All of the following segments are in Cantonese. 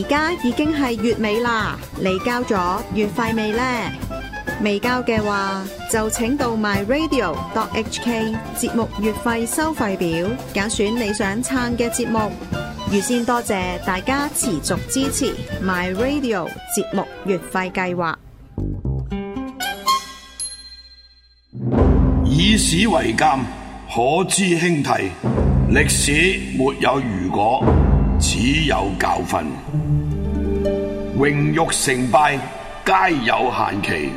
而家已經係月尾啦，你交咗月費未呢？未交嘅話，就請到 myradio.hk 節目月費收費表，揀選你想撐嘅節目。預先多謝大家持續支持 myradio 節目月費計劃。以史為鑑，可知興替。歷史沒有如果。只有教訓，榮辱成敗皆有限期，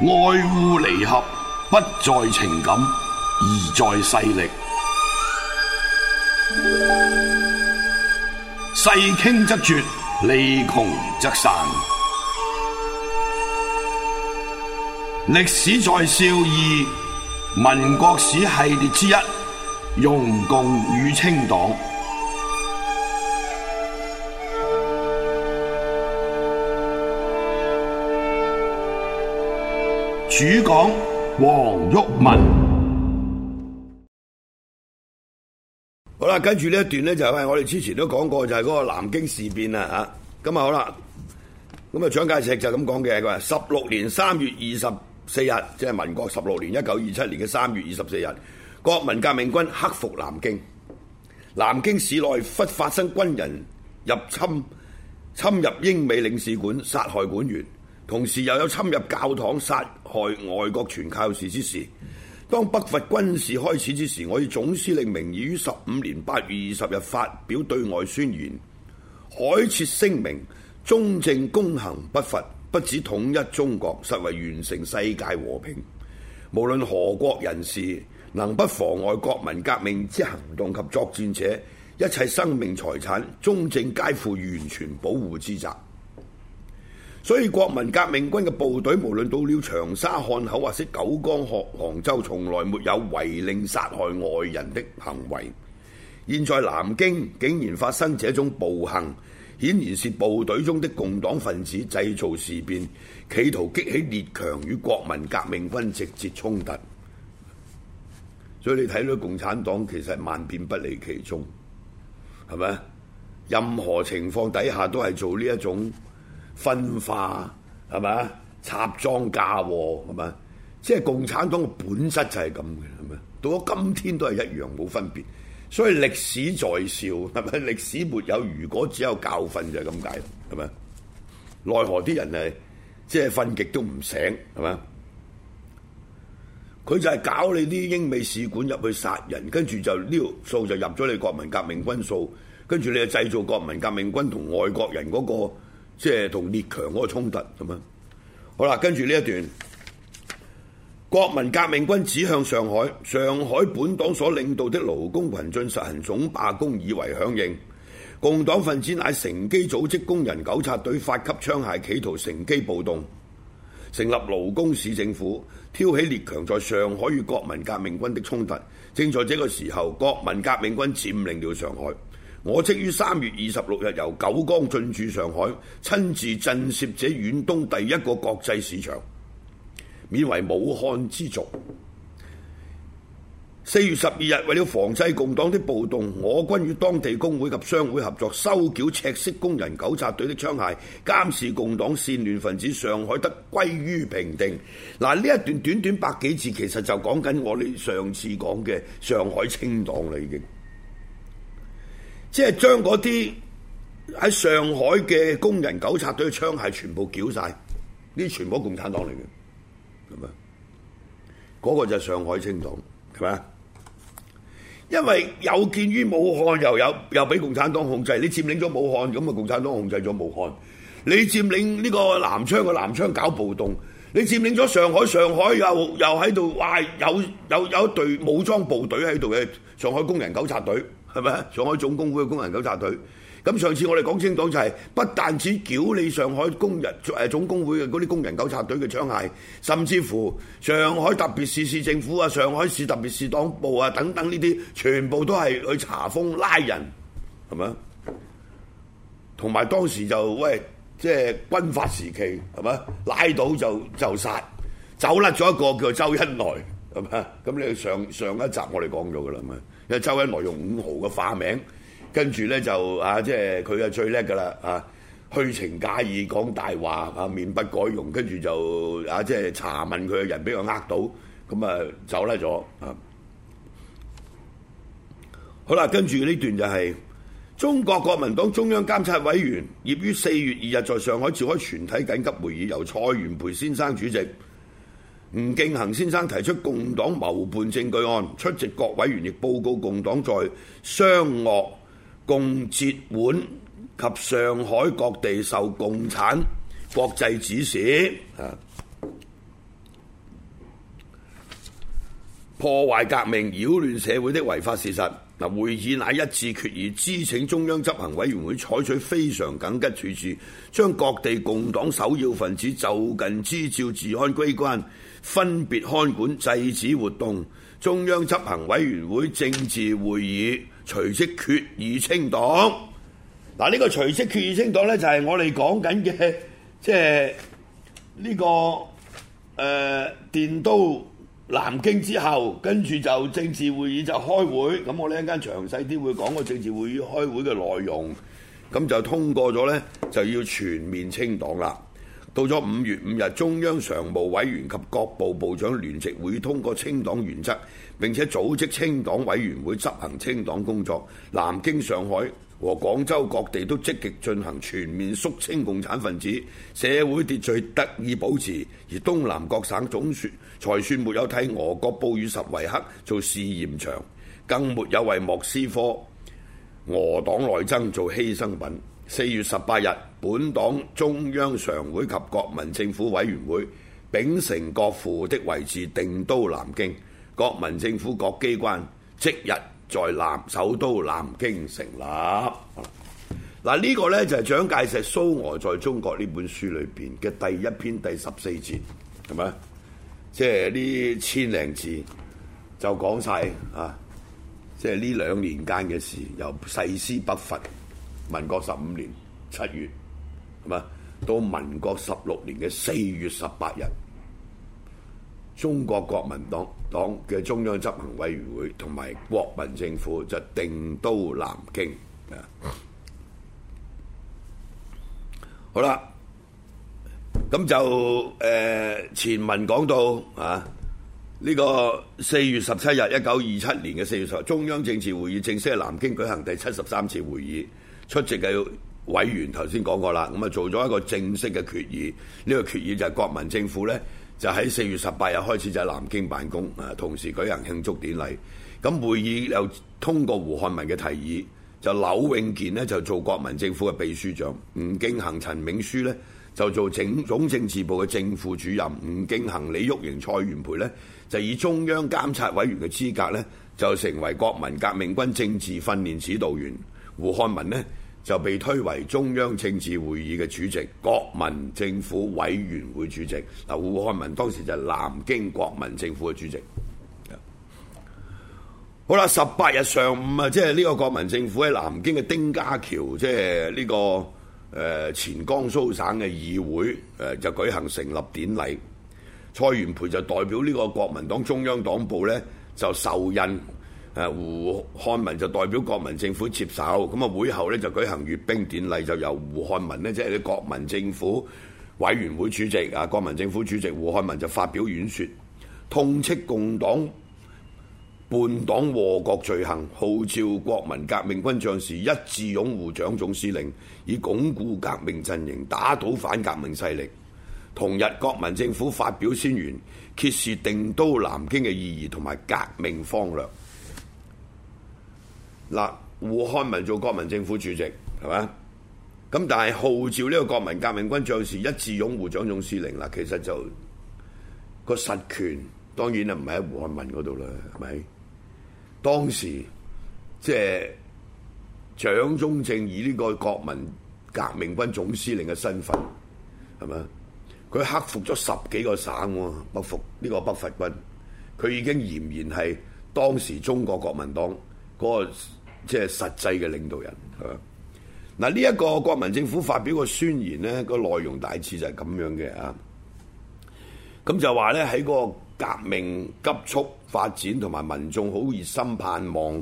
愛護離合不在情感，而在勢力。勢傾則絕，利窮則散。歷史在笑貳，民國史系列之一，容共與清黨。主講黃毓民，好啦，跟住呢一段咧就係我哋之前都講過，就係嗰個南京事變啊吓，咁啊好啦，咁啊蔣介石就咁講嘅佢話，十六年三月二十四日，即係民國十六年一九二七年嘅三月二十四日，國民革命軍克服南京，南京市內忽發生軍人入侵，侵入英美領事館殺害館員。同時又有侵入教堂殺害外國傳教士之事。當北伐軍事開始之時，我以總司令名義於十五年八月二十日發表對外宣言，剴切聲明：中正公行不伐，不止統一中國，實為完成世界和平。無論何國人士能不妨礙國民革命之行動及作戰者，一切生命財產，中正皆負完全保護之責。所以國民革命軍嘅部隊，無論到了長沙、漢口或者九江、和杭州，從來沒有違令殺害外人的行為。現在南京竟然發生這種暴行，顯然是部隊中的共黨分子製造事變，企圖激起列強與國民革命軍直接衝突。所以你睇到共產黨其實萬變不離其宗，係咪？任何情況底下都係做呢一種。分化係嘛？插贓嫁禍係嘛？即係共產黨嘅本質就係咁嘅係咪？到咗今天都係一樣冇分別，所以歷史在笑係咪？歷史沒有如果，只有教訓就係咁解係咪？奈何啲人係即係瞓極都唔醒係嘛？佢就係搞你啲英美使館入去殺人，跟住就呢條數就入咗你國民革命軍數，跟住你就製造國民革命軍同外國人嗰個。即係同列強嗰個衝突咁樣，好啦，跟住呢一段，國民革命軍指向上海，上海本黨所領導的勞工群眾實行總罷工，以為響應，共黨分子乃乘機組織工人糾察隊發給槍械，企圖乘機暴動，成立勞工市政府，挑起列強在上海與國民革命軍的衝突。正在這個時候，國民革命軍佔領了上海。我即於三月二十六日由九江進駐上海，親自鎮懾這遠東第一個國際市場，免為武漢之重。四月十二日，為了防制共黨的暴動，我軍與當地工會及商會合作收繳赤色工人糾察隊的槍械，監視共黨煽亂分子，上海得歸於平定。嗱，呢一段短短百幾字，其實就講緊我哋上次講嘅上海清黨啦，已經。即係將嗰啲喺上海嘅工人糾察隊嘅槍械全部繳晒，呢全部都共產黨嚟嘅，係咪？嗰、那個就係上海清黨，係咪啊？因為又建於又有建於武漢，又有又俾共產黨控制，你佔領咗武漢，咁啊共產黨控制咗武漢。你佔領呢個南昌嘅南昌搞暴動，你佔領咗上海，上海又又喺度話有有有一隊武裝部隊喺度嘅上海工人糾察隊。係咪啊？上海總工會嘅工人糾察隊，咁上次我哋講清黨就係，不但止繳你上海工人誒總工會嘅嗰啲工人糾察隊嘅槍械，甚至乎上海特別市市政府啊、上海市特別市黨部啊等等呢啲，全部都係去查封拉人，係咪同埋當時就喂，即、就、係、是、軍法時期，係咪拉到就就殺，走甩咗一個叫周恩來，係咪咁你上上一集我哋講咗噶啦，咁啊。周恩來用伍豪嘅化名，跟住呢就啊，即係佢係最叻噶啦啊，虛情假意講大話啊，面不改容，跟住就啊，即係查問佢嘅人俾佢呃到，咁啊走甩咗啊。好啦，跟住呢段就係中國國民黨中央監察委員業於四月二日在上海召開全體緊急會議，由蔡元培先生主席。吳敬恆先生提出共黨謀叛證據案，出席各委員亦報告共黨在湘鄂贛浙皖及上海各地受共產國際指使破壞革命、擾亂社會的違法事實。嗱，會議乃一致決議，支請中央執行委員會採取非常緊急處置，將各地共黨首要分子就近支召治安機關分別看管，制止活動。中央執行委員會政治會議隨即決議清黨。嗱，呢個隨即決議清黨呢，就係我哋講緊嘅即係呢個誒、呃、電刀。南京之後，跟住就政治會議就開會，咁我陣間詳細啲會講個政治會議開會嘅內容，咁就通過咗呢，就要全面清黨啦。到咗五月五日，中央常務委員及各部部長聯席會通過清黨原則，並且組織清黨委員會執行清黨工作。南京、上海和廣州各地都積極進行全面肅清共產分子，社會秩序得以保持。而東南各省總算才算沒有替俄國布爾什維克做試驗場，更沒有為莫斯科俄黨內爭做犧牲品。四月十八日，本黨中央常會及國民政府委員會秉承國父的遺志，定都南京。國民政府各機關即日在南首都南京成立。嗱呢個咧就係蔣介石《蘇俄在中國》呢本書裏邊嘅第一篇第十四節，係咪即係呢千零字就講晒啊！即係呢兩年間嘅事，由誓師北伐，民國十五年七月係嘛，到民國十六年嘅四月十八日，中國國民黨。黨嘅中央執行委員會同埋國民政府就是、定都南京、嗯、好啦，咁就誒、呃、前文講到啊，呢、呢個四月十七日一九二七年嘅四月十，中央政治會議正式喺南京舉行第七十三次會議，出席嘅委員頭先講過啦，咁啊做咗一個正式嘅決議，呢、呢個決議就係國民政府呢。就喺四月十八日開始就喺南京辦公，啊，同時舉行慶祝典禮。咁會議又通過胡漢民嘅提議，就鈕永建呢，就做國民政府嘅秘書長，吳敬恆、陳銘樞呢，就做整總政治部嘅正副主任，吳敬恆、李煜瀛、蔡元培呢，就以中央監察委員嘅資格呢，就成為國民革命軍政治訓練指導員，胡漢民呢。就被推為中央政治會議嘅主席、國民政府委員會主席。嗱，胡漢民當時就係南京國民政府嘅主席。好啦，十八日上午啊，即係呢個國民政府喺南京嘅丁家橋，即係呢、這個、呃、前江蘇省嘅議會、呃、就舉行成立典禮。蔡元培就代表呢個國民黨中央黨部呢，就受印。胡漢民就代表國民政府接手咁啊。會後呢就舉行閱兵典禮，就由胡漢民咧即係國民政府委員會主席啊，國民政府主席胡漢民就發表演説，痛斥共黨叛黨禍國罪行，號召國民革命軍將士一致擁護蔣總司令，以鞏固革命陣營，打倒反革命勢力。同日，國民政府發表宣言，揭示定都南京嘅意義同埋革命方略。嗱，胡漢民做國民政府主席，係嘛？咁但係號召呢個國民革命軍將士一致擁護蔣總司令嗱，其實就、個實權當然啊唔係喺胡漢民嗰度啦，係咪？當時即係、即係、蔣中正以呢個國民革命軍總司令嘅身份係嘛？佢克服咗十幾個省、啊，不服呢個北伐軍，佢已經儼然係當時中國國民黨。嗰個即係實際嘅領導人，係嘛？嗱，呢一個國民政府發表個宣言呢，嗰個內容大致就係咁樣嘅啊。咁就話呢，喺嗰個革命急速發展同埋民眾好熱心盼望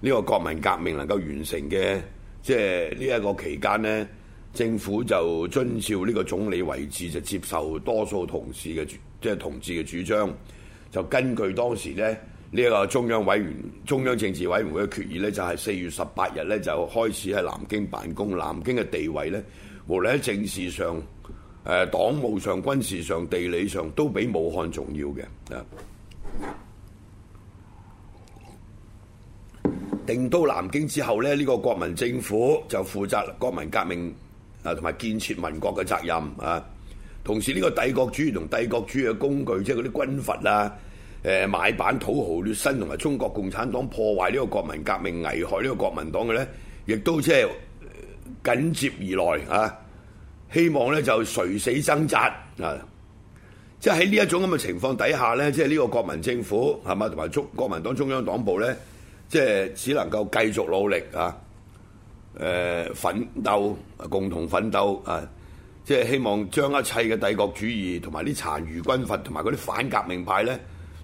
呢個國民革命能夠完成嘅，即係呢一個期間呢，政府就遵照呢個總理位置就接受多數同事嘅即係同志嘅主張，就根據當時呢。呢個中央委員、中央政治委員會嘅決議呢，就係四月十八日呢，就開始喺南京辦公。南京嘅地位呢，無論喺政治上、誒黨務上、軍事上、地理上，都比武漢重要嘅。啊，定都南京之後呢，呢個國民政府就負責國民革命啊同埋建設民國嘅責任啊。同時呢個帝國主義同帝國主義嘅工具，即係嗰啲軍閥啊。誒買版土豪劣紳同埋中國共產黨破壞呢個國民革命、危害呢個國民黨嘅咧，亦都即係緊接而來啊！希望咧就垂死掙扎啊！即係喺呢一種咁嘅情況底下咧，即係呢個國民政府係嘛同埋中國國民黨中央黨部咧，即係只能夠繼續努力啊！誒，呃，奮鬥，共同奮鬥啊！即係希望將一切嘅帝國主義同埋啲殘餘軍閥同埋嗰啲反革命派咧。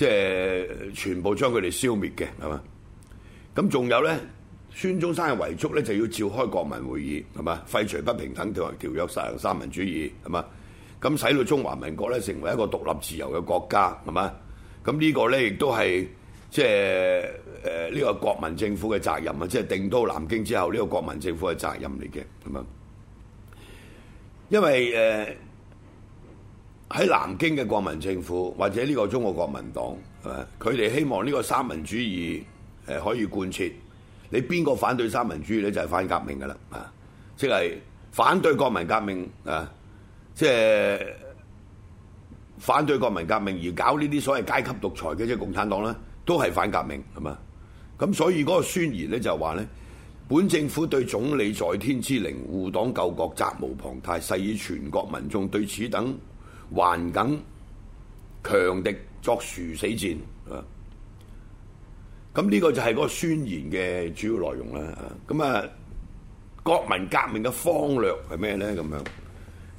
即係全部將佢哋消滅嘅，係嘛？咁仲有咧，孫中山嘅遺囑咧就要召開國民會議，係嘛？廢除不平等條條約，實行三民主義，係嘛？咁使到中華民國咧成為一個獨立自由嘅國家，係嘛？咁呢個咧亦都係即係誒呢個國民政府嘅責任啊！即係定都南京之後，呢個國民政府嘅責任嚟嘅，係嘛？因為誒。呃喺南京嘅國民政府或者呢個中國國民黨，佢哋希望呢個三民主義誒可以貫徹。你邊個反對三民主義咧，就係反革命噶啦啊！即係反對國民革命啊！即係反對國民革命而搞呢啲所謂階級獨裁嘅，即係共產黨咧，都係反革命係嘛？咁所以嗰個宣言咧就話咧，本政府對總理在天之靈，護黨救國，責無旁貸，誓以全國民眾對此等，還敢強敵作殊死戰啊！咁呢個就係嗰個宣言嘅主要內容啦。咁啊，國民革命嘅方略係咩咧？咁樣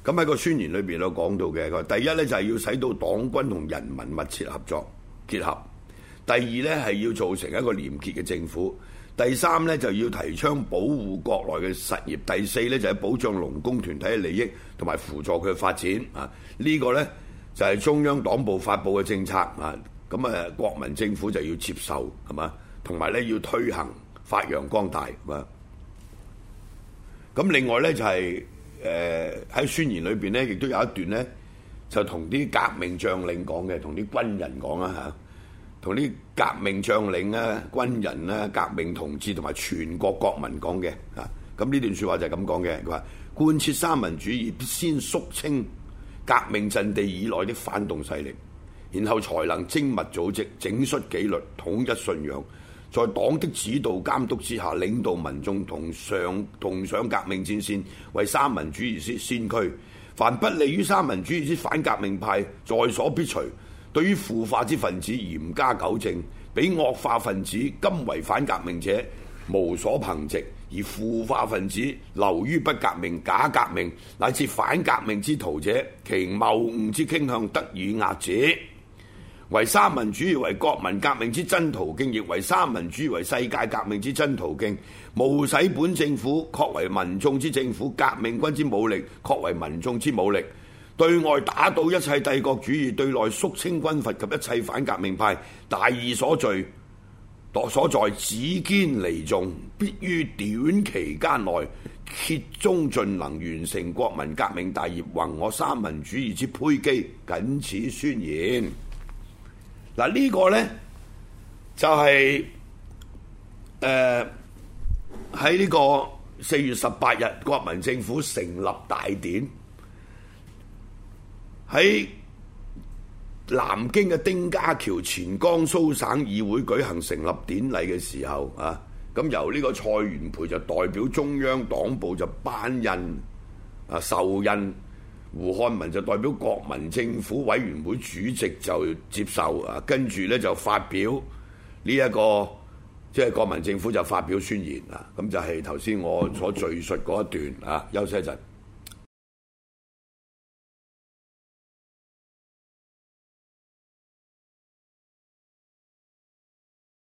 咁喺個宣言裏邊都講到嘅，第一咧就係要使到黨軍同人民密切合作結合，第二咧係要造成一個廉潔嘅政府。第三呢，就要提倡保護國內嘅實業，第四呢，就係、是、保障農工團體嘅利益，同埋輔助佢嘅發展啊！呢、呢個呢，就係、是、中央黨部發布嘅政策啊！咁、啊、誒，國民政府就要接受係嘛，同埋呢，要推行發揚光大咁、啊、另外呢，就係誒喺宣言裏邊呢，亦都有一段呢，就同啲革命將領講嘅，同啲軍人講啦嚇。啊同啲革命將領、啊、軍人、革命同志同埋全國國民講嘅啊，咁呢段説話就係咁講嘅。佢話貫徹三民主義，必先肅清革命陣地以內啲反動勢力，然後才能精密組織、整肅紀律、統一信仰，在黨的指導監督之下，領導民眾同上同上革命戰線，為三民主義先先驅。凡不利於三民主義之反革命派，在所必除。對於腐化之分子嚴加糾正，俾惡化分子甘為反革命者無所憑藉；而腐化分子流於不革命、假革命乃至反革命之徒者，其謬誤之傾向得以壓止。為三民主義為國民革命之真途徑，亦為三民主義為世界革命之真途徑。毋使本政府確為民眾之政府，革命軍之武力確為民眾之武力。對外打倒一切帝國主義，對內肅清軍閥及一切反革命派，大義所罪。所所在，指堅利眾，必於短期間內竭忠盡能，完成國民革命大業，宏我三民主義之胚胎。僅此宣言。嗱，呢個呢，就係誒喺呢個四月十八日國民政府成立大典。喺南京嘅丁家橋前江蘇省議會舉行成立典禮嘅時候啊，咁由呢個蔡元培就代表中央黨部就頒印啊授印，胡漢民就代表國民政府委員會主席就接受啊，跟住呢就發表呢、這、一個即係、就是、國民政府就發表宣言啊，咁就係頭先我所敘述嗰一段啊，休息一陣。